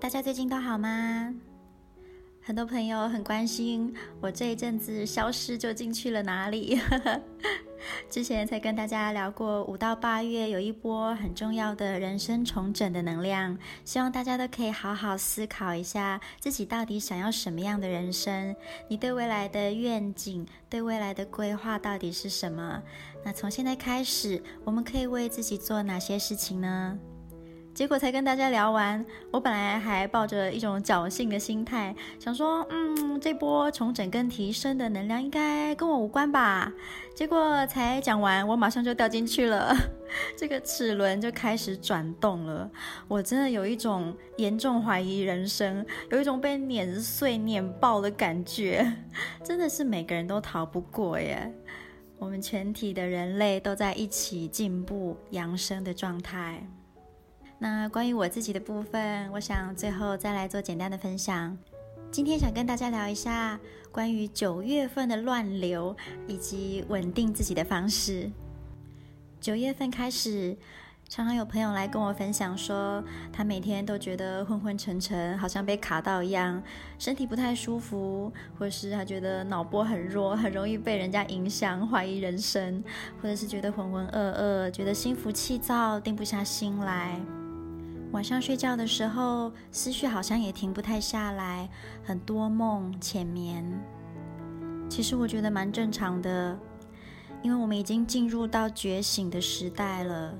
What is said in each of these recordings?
大家最近都好嗎？很多朋友很關心我這一陣子消失究竟去了哪裡。 之前才跟大家聊過，五到八月有一波很重要的人生重整的能量，希望大家都可以好好思考一下自己到底想要什麼樣的人生，你對未來的願景、對未來的規劃到底是什麼？那從現在開始，我們可以為自己做哪些事情呢？結果才跟大家聊完，我本來還抱着一種僥倖的心態，想說，嗯，這波重整跟提升的能量應該跟我無關吧？結果才講完，我馬上就掉進去了，這個齒輪就開始轉動了。我真的有一種嚴重懷疑人生，有一種被碾碎、碾爆的感覺，真的是每個人都逃不過耶。我們全體的人類都在一起進步、揚升的狀態。那關於我自己的部分，我想最後再來做簡單的分享。今天想跟大家聊一下關於九月份的亂流以及穩定自己的方式。九月份開始，常常有朋友來跟我分享說，他每天都覺得昏昏沉沉，好像被卡到一樣，身體不太舒服，或是他覺得腦波很弱，很容易被人家影響，懷疑人生，或者是覺得渾渾噩噩，覺得心浮氣躁，定不下心來。晚上睡覺的時候，思緒好像也停不太下來，很多夢淺眠。其實我覺得蠻正常的，因為我們已經進入到覺醒的時代了。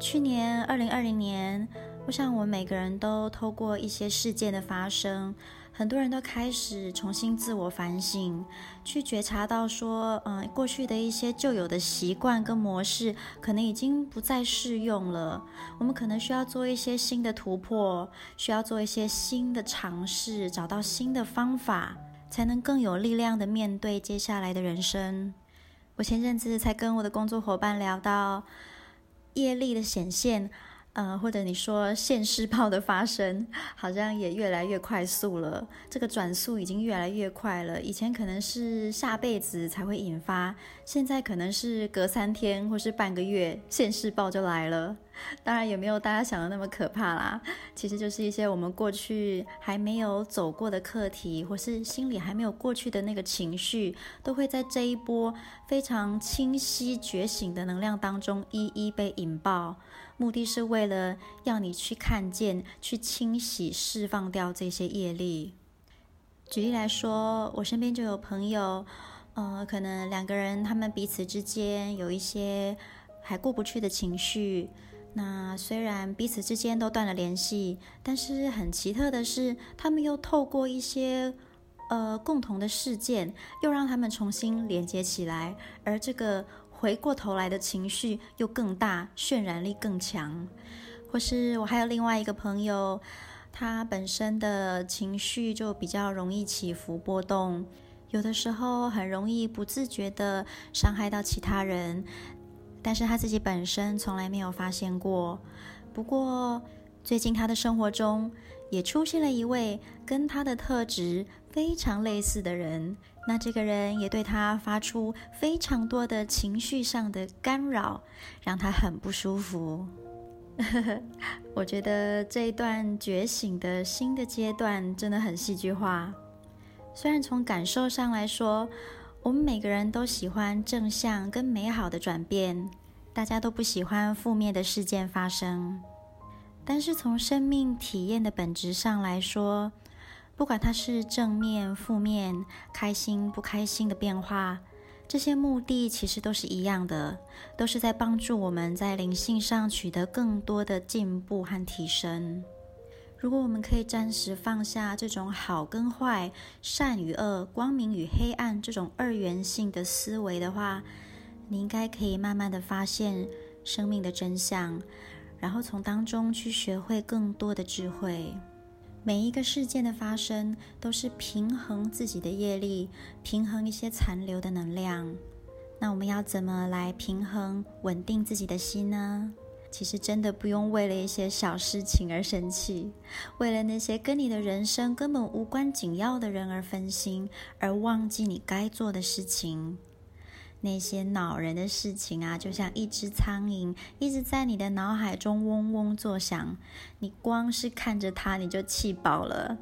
去年2020年，我想我們每個人都透過一些事件的發生。很多人都開始重新自我反省，去覺察到說，嗯，過去的一些舊有的習慣跟模式，可能已經不再適用了。我們可能需要做一些新的突破，需要做一些新的嘗試，找到新的方法，才能更有力量地面對接下來的人生。我前陣子才跟我的工作夥伴聊到業力的顯現。呃，或者你說現世報的發生，好像也越來越快速了。這個轉速已經越來越快了。以前可能是下輩子才會引發，現在可能是隔三天或是半個月，現世報就來了。當然也沒有大家想的那麼可怕啦。其實就是一些我們過去還沒有走過的課題，或是心裡還沒有過去的那個情緒，都會在這一波非常清晰覺醒的能量當中，一一被引爆。目的是為了要你去看見、去清洗、釋放掉這些業力。舉例來說，我身邊就有朋友，呃，可能兩個人他們彼此之間有一些還過不去的情緒。那雖然彼此之間都斷了聯繫，但是很奇特的是，他們又透過一些呃共同的事件，又讓他們重新連接起來。而這個。回過頭來的情緒又更大，渲染力更強。或是我還有另外一個朋友，他本身的情緒就比較容易起伏波動，有的時候很容易不自覺的傷害到其他人，但是他自己本身從來沒有發現過。不過最近他的生活中也出現了一位跟他的特質非常類似的人。那這個人也對他發出非常多的情緒上的干擾，讓他很不舒服。 我覺得這一段覺醒的新的階段真的很戲劇化。雖然從感受上來說，我們每個人都喜歡正向跟美好的轉變，大家都不喜歡負面的事件發生。但是從生命體驗的本質上來說，不管它是正面、負面、開心、不開心的變化，這些目的其實都是一樣的，都是在幫助我們在靈性上取得更多的進步和提升。如果我們可以暫時放下這種好跟壞、善與惡、光明與黑暗這種二元性的思維的話，你應該可以慢慢地發現生命的真相，然後從當中去學會更多的智慧。每一個事件的發生，都是平衡自己的業力，平衡一些殘留的能量。那我們要怎麼來平衡、穩定自己的心呢？其實真的不用為了一些小事情而生氣，為了那些跟你的人生根本無關緊要的人而分心，而忘記你該做的事情。那些惱人的事情啊，就像一隻蒼蠅，一直在你的腦海中嗡嗡作響。你光是看着它，你就氣飽了。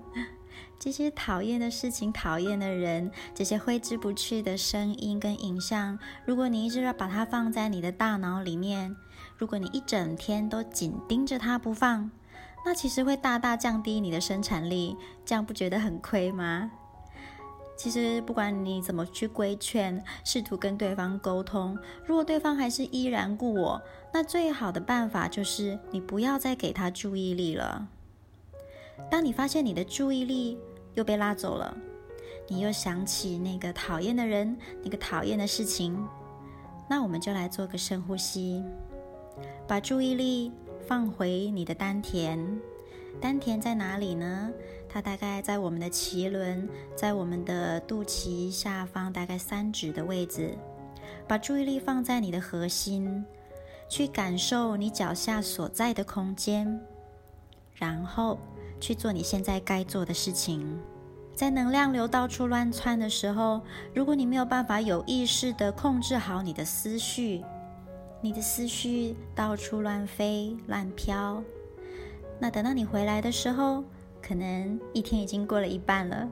這些討厭的事情、討厭的人，這些揮之不去的聲音跟影像，如果你一直要把它放在你的大腦裡面，如果你一整天都緊盯着它不放，那其實會大大降低你的生產力。這樣不覺得很虧嗎？其實不管你怎麼去規勸，試圖跟對方溝通，如果對方還是依然故我，那最好的辦法就是你不要再給他注意力了。當你發現你的注意力又被拉走了，你又想起那個討厭的人，那個討厭的事情，那我們就來做個深呼吸，把注意力放回你的丹田。丹田在哪裡呢？它大概在我們的臍輪，在我們的肚臍下方大概三指的位置。把注意力放在你的核心，去感受你腳下所在的空間，然後去做你現在該做的事情。在能量流到處亂竄的時候，如果你沒有辦法有意識的控制好你的思緒，你的思緒到處亂飛，亂飄。那等到你回來的時候，可能一天已經過了一半了，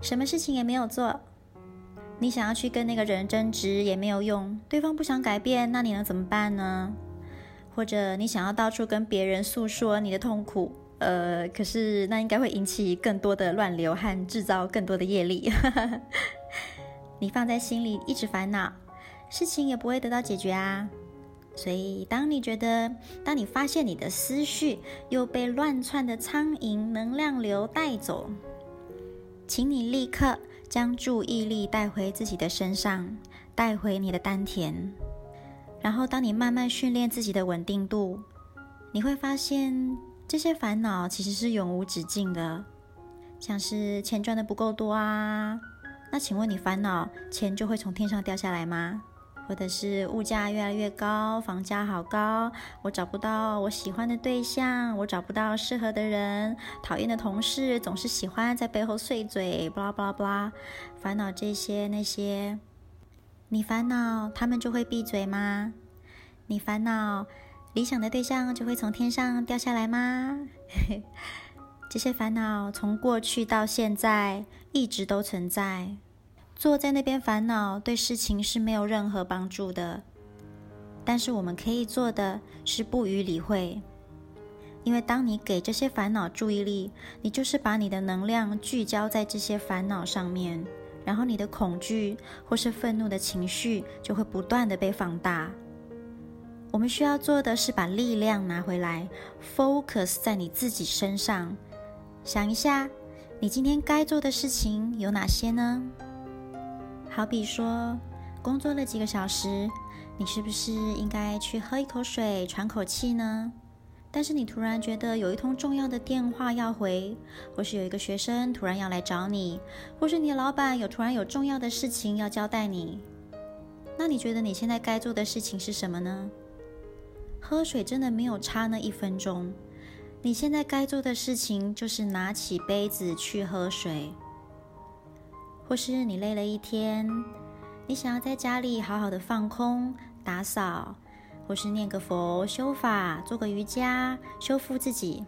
什麼事情也沒有做。你想要去跟那個人爭執也沒有用，對方不想改變，那你能怎麼辦呢？或者你想要到處跟別人訴說你的痛苦，呃，可是那應該會引起更多的亂流和制造更多的業力。 你放在心裡一直煩惱，事情也不會得到解決啊。所以，當你覺得，當你發現你的思緒又被亂竄的蒼蠅能量流帶走，請你立刻將注意力帶回自己的身上，帶回你的丹田。然後，當你慢慢訓練自己的穩定度，你會發現這些煩惱其實是永無止境的。像是錢賺得不夠多啊，那請問你煩惱，錢就會從天上掉下來嗎？或者是物價越來越高，房價好高，我找不到我喜歡的對象，我找不到適合的人，討厭的同事總是喜歡在背後碎嘴，巴拉巴拉巴拉，煩惱這些那些。你煩惱，他們就會閉嘴嗎？你煩惱，理想的對象就會從天上掉下來嗎？ 這些煩惱從過去到現在一直都存在。坐在那邊煩惱，對事情是沒有任何幫助的。但是我們可以做的是不予理會，因為當你給這些煩惱注意力，你就是把你的能量聚焦在這些煩惱上面，然後你的恐懼或是憤怒的情緒就會不斷的被放大。我們需要做的是把力量拿回來，focus 在你自己身上。想一下，你今天該做的事情有哪些呢？好比說，工作了幾個小時，你是不是應該去喝一口水、喘口氣呢？但是你突然覺得有一通重要的電話要回，或是有一個學生突然要來找你，或是你的老板有突然有重要的事情要交代你，那你覺得你現在該做的事情是什麼呢？喝水真的沒有差那一分鐘，你現在該做的事情就是拿起杯子去喝水。或是你累了一天，你想要在家裡好好的放空、打掃，或是念個佛、修法、做個瑜伽、修復自己。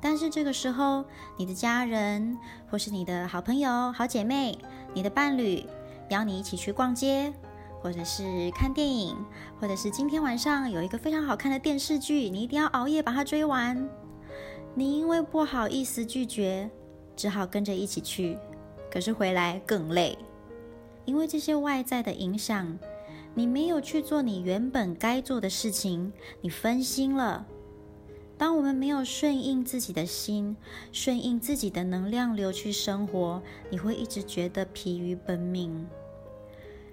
但是這個時候，你的家人或是你的好朋友、好姐妹、你的伴侶邀你一起去逛街，或者是看電影，或者是今天晚上有一個非常好看的電視劇，你一定要熬夜把它追完。你因為不好意思拒絕，只好跟着一起去。可是回來更累，因為這些外在的影響，你沒有去做你原本該做的事情，你分心了。當我們沒有順應自己的心，順應自己的能量流去生活，你會一直覺得疲於奔命。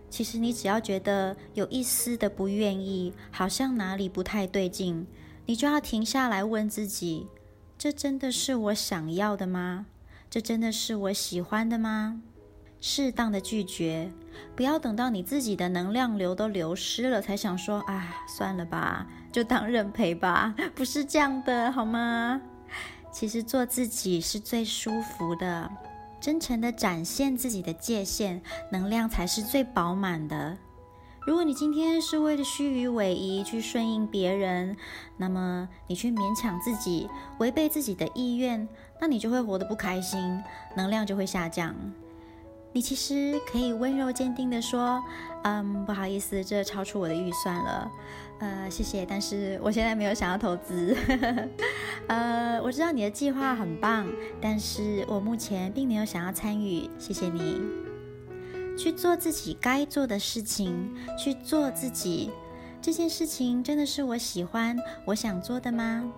其實你只要覺得有一絲的不願意，好像哪裡不太對勁，你就要停下來問自己，這真的是我想要的嗎？這真的是我喜歡的嗎？適當的拒絕，不要等到你自己的能量流都流失了才想說啊，算了吧，就當認賠吧。不是這樣的，好嗎？其實做自己是最舒服的，真誠的展現自己的界限，能量才是最飽滿的。如果你今天是為了虛與委蛇去順應別人，那麼你去勉強自己，違背自己的意願。那你就會活得不開心，能量就會下降。你其實可以溫柔堅定地說：“嗯，不好意思，這超出我的預算了。呃，謝謝，但是我現在沒有想要投資。 呃，我知道你的計劃很棒，但是我目前並沒有想要參與。謝謝你，去做自己該做的事情，去做自己。這件事情真的是我喜歡、我想做的嗎？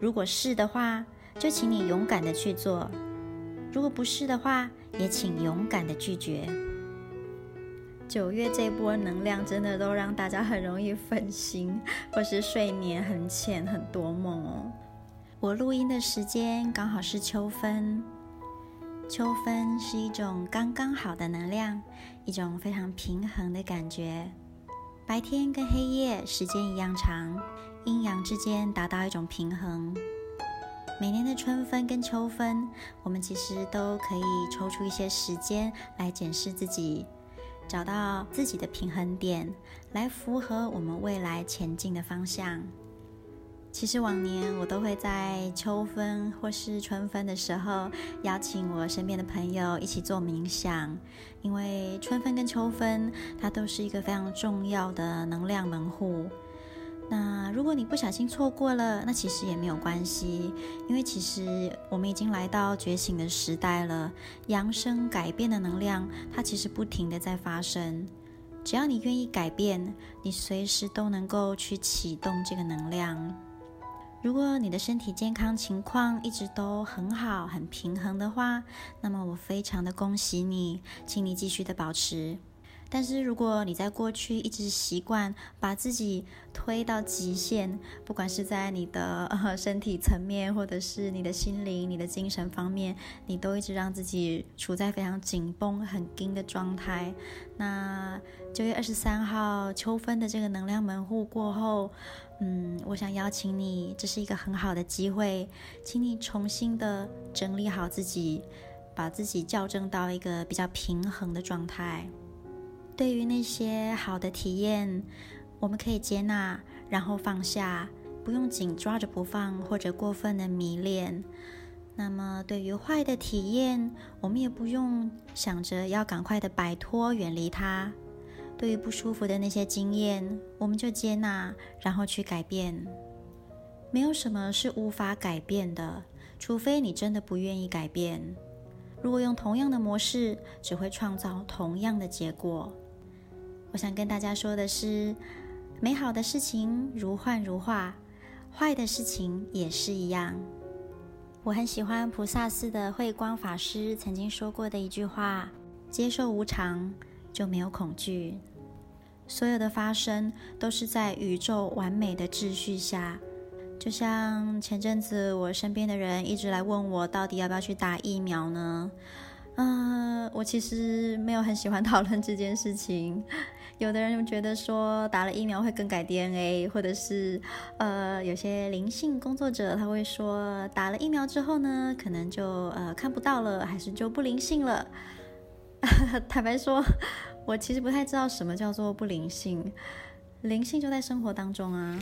如果是的話，就請你勇敢的去做，如果不是的話，也請勇敢的拒絕。九月這波能量真的都讓大家很容易分心，或是睡眠很淺很多夢哦。我錄音的時間剛好是秋分，秋分是一種剛剛好的能量，一種非常平衡的感覺，白天跟黑夜時間一樣長，陰陽之間達到一種平衡。每年的春分跟秋分，我們其實都可以抽出一些時間來檢視自己，找到自己的平衡點，來符合我們未來前進的方向。其實往年我都會在秋分或是春分的時候，邀請我身邊的朋友一起做冥想，因為春分跟秋分它都是一個非常重要的能量門戶。那如果你不小心錯過了，那其實也沒有關係，因為其實我們已經來到覺醒的時代了，揚升改變的能量，它其實不停的在發生。只要你願意改變，你隨時都能夠去啟動這個能量。如果你的身體健康情況一直都很好、很平衡的話，那麼我非常的恭喜你，請你繼續的保持。但是，如果你在過去一直習慣把自己推到極限，不管是在你的身體層面，或者是你的心靈、你的精神方面，你都一直讓自己處在非常緊繃、很緊的狀態。那九月二十三號秋分的這個能量門戶過後，嗯，我想邀請你，這是一個很好的機會，請你重新的整理好自己，把自己校正到一個比較平衡的狀態。對於那些好的體驗，我們可以接納，然後放下，不用緊抓着不放，或者過分的迷戀。那麼，對於壞的體驗，我們也不用想着要趕快的擺脫、遠離它。對於不舒服的那些經驗，我們就接納，然後去改變。沒有什麼是無法改變的，除非你真的不願意改變。如果用同樣的模式，只會創造同樣的結果。我想跟大家說的是，美好的事情如幻如化，壞的事情也是一樣。我很喜歡菩薩寺的慧光法師曾經說過的一句話：“接受無常，就沒有恐懼。所有的發生都是在宇宙完美的秩序下。”就像前陣子我身邊的人一直來問我，到底要不要去打疫苗呢？嗯、呃，我其實沒有很喜歡討論這件事情。有的人覺得說，打了疫苗會更改 DNA，或者是呃，有些靈性工作者他會說打了疫苗之後呢，可能就呃看不到了，還是就不靈性了。 坦白說，我其實不太知道什麼叫做不靈性，靈性就在生活當中啊。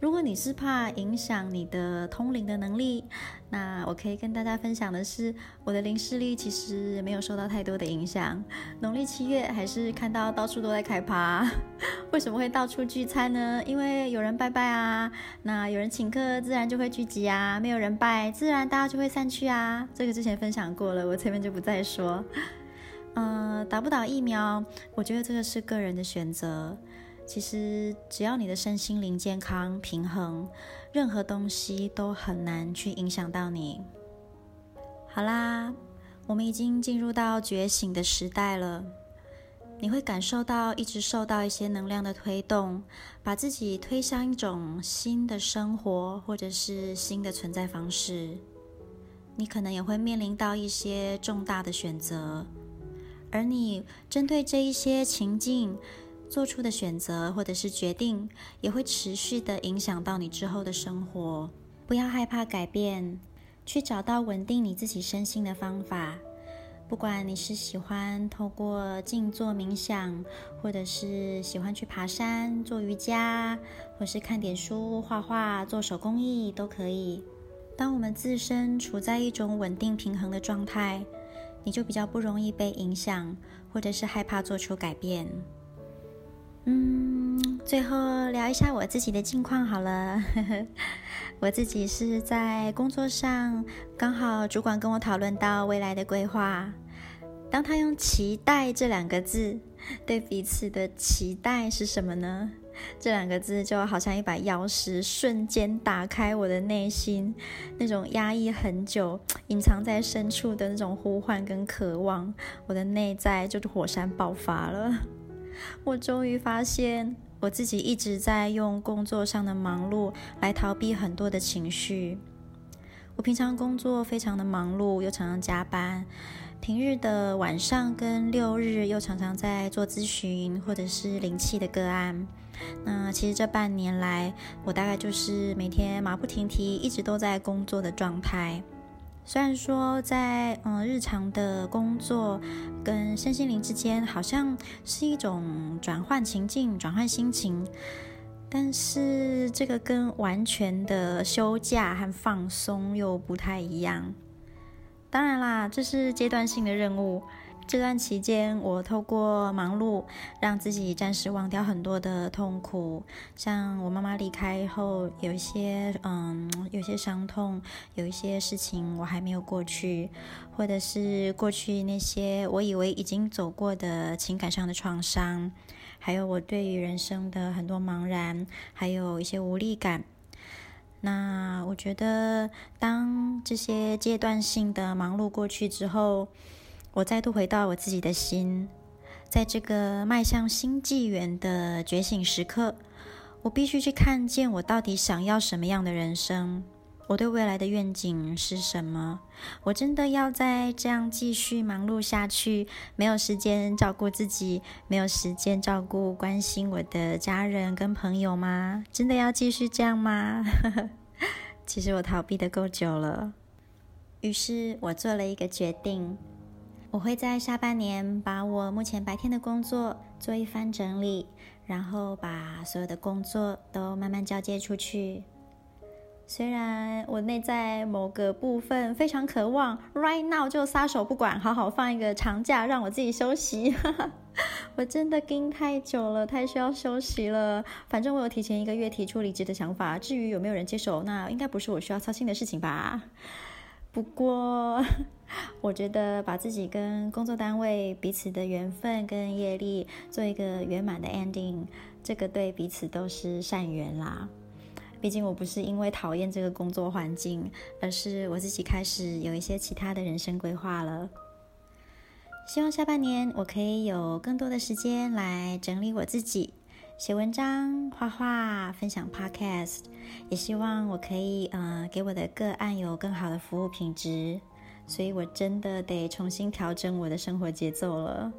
如果你是怕影響你的通靈的能力，那我可以跟大家分享的是，我的靈視力其實沒有受到太多的影響。農曆七月還是看到到處都在開趴，為什麼會到處聚餐呢？因為有人拜拜啊，那有人請客，自然就會聚集啊。沒有人拜，自然大家就會散去啊。這個之前分享過了，我前面就不再說。呃，打不打疫苗，我覺得這個是個人的選擇。其實，只要你的身心靈健康平衡，任何東西都很難去影響到你。好啦，我們已經進入到覺醒的時代了，你會感受到一直受到一些能量的推動，把自己推向一種新的生活，或者是新的存在方式。你可能也會面臨到一些重大的選擇，而你針對這一些情境。做出的選擇或者是決定，也會持續地影響到你之後的生活。不要害怕改變，去找到穩定你自己身心的方法。不管你是喜歡透過靜坐冥想，或者是喜歡去爬山、做瑜伽，或是看點書、畫畫、做手工藝，都可以。當我們自身處在一種穩定平衡的狀態，你就比較不容易被影響，或者是害怕做出改變。嗯，最後聊一下我自己的近況好了。 我自己是在工作上，剛好主管跟我討論到未來的規劃。當他用“期待”這兩個字，對彼此的期待是什麼呢？這兩個字就好像一把鑰匙，瞬間打開我的內心，那種壓抑很久、隱藏在深處的那種呼喚跟渴望，我的內在就是火山爆發了。我終於發現，我自己一直在用工作上的忙碌來逃避很多的情緒。我平常工作非常的忙碌，又常常加班，平日的晚上跟六日又常常在做諮詢或者是靈氣的個案。那其實這半年來，我大概就是每天馬不停蹄，一直都在工作的狀態。雖然說在，嗯，日常的工作跟身心靈之間，好像是一種轉換情境、轉換心情，但是這個跟完全的休假和放鬆又不太一樣。當然啦，這是階段性的任務。這段期間，我透過忙碌讓自己暫時忘掉很多的痛苦，像我媽媽離開後有一些嗯，有些傷痛，有一些事情我還沒有過去，或者是過去那些我以為已經走過的情感上的創傷，還有我對於人生的很多茫然，還有一些無力感。那我覺得，當這些階段性的忙碌過去之後，我再度回到我自己的心，在這個邁向新紀元的覺醒時刻，我必須去看見我到底想要什麼樣的人生，我對未來的願景是什麼？我真的要再這樣繼續忙碌下去，沒有時間照顧自己，沒有時間照顧關心我的家人跟朋友嗎？真的要繼續這樣嗎？ 其實我逃避的夠久了，於是我做了一個決定。我會在下半年把我目前白天的工作做一番整理，然後把所有的工作都慢慢交接出去。雖然我內在某個部分非常渴望 right now 就撒手不管，好好放一個長假讓我自己休息。 我真的 grind 太久了，太需要休息了。反正我有提前一個月提出離職的想法，至於有沒有人接手，那應該不是我需要操心的事情吧。不過，我覺得把自己跟工作單位彼此的緣分跟業力做一個圓滿的 ending，這個對彼此都是善緣啦。畢竟我不是因為討厭這個工作環境，而是我自己開始有一些其他的人生規劃了。希望下半年我可以有更多的時間來整理我自己。寫文章、畫畫、分享 Podcast，也希望我可以呃給我的個案有更好的服務品質，所以我真的得重新調整我的生活節奏了。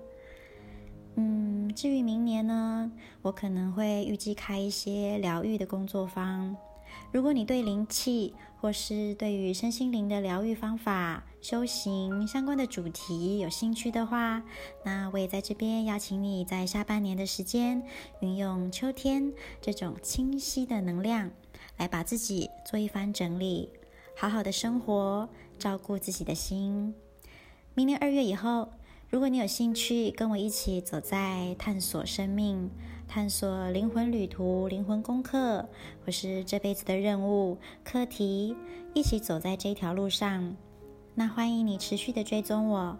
嗯，至於明年呢，我可能會預計開一些療癒的工作坊。如果你對靈氣，或是對於身心靈的療癒方法、修行相關的主題有興趣的話，那我也在這邊邀請你在下半年的時間，運用秋天這種清晰的能量，來把自己做一番整理，好好的生活，照顧自己的心。明年二月以後，如果你有興趣跟我一起走在探索生命。探索靈魂旅途、靈魂功課，或是這輩子的任務、課題，一起走在這條路上。那歡迎你持續的追蹤我。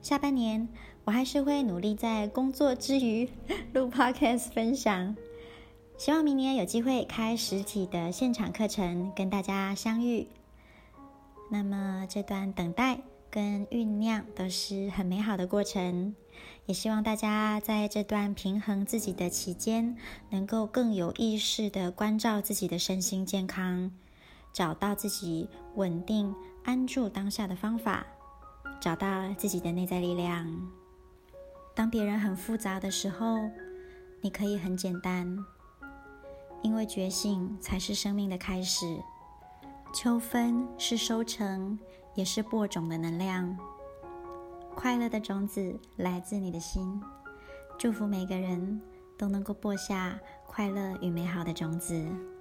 下半年我還是會努力在工作之餘錄 Podcast 分享，希望明年有機會開實體的現場課程跟大家相遇。那麼這段等待跟醞釀都是很美好的過程。也希望大家在這段平衡自己的期間，能夠更有意識地關照自己的身心健康，找到自己穩定安住當下的方法，找到自己的內在力量。當別人很複雜的時候，你可以很簡單，因為覺醒才是生命的開始。秋分是收成，也是播種的能量。快樂的種子來自你的心，祝福每個人都能夠播下快樂與美好的種子。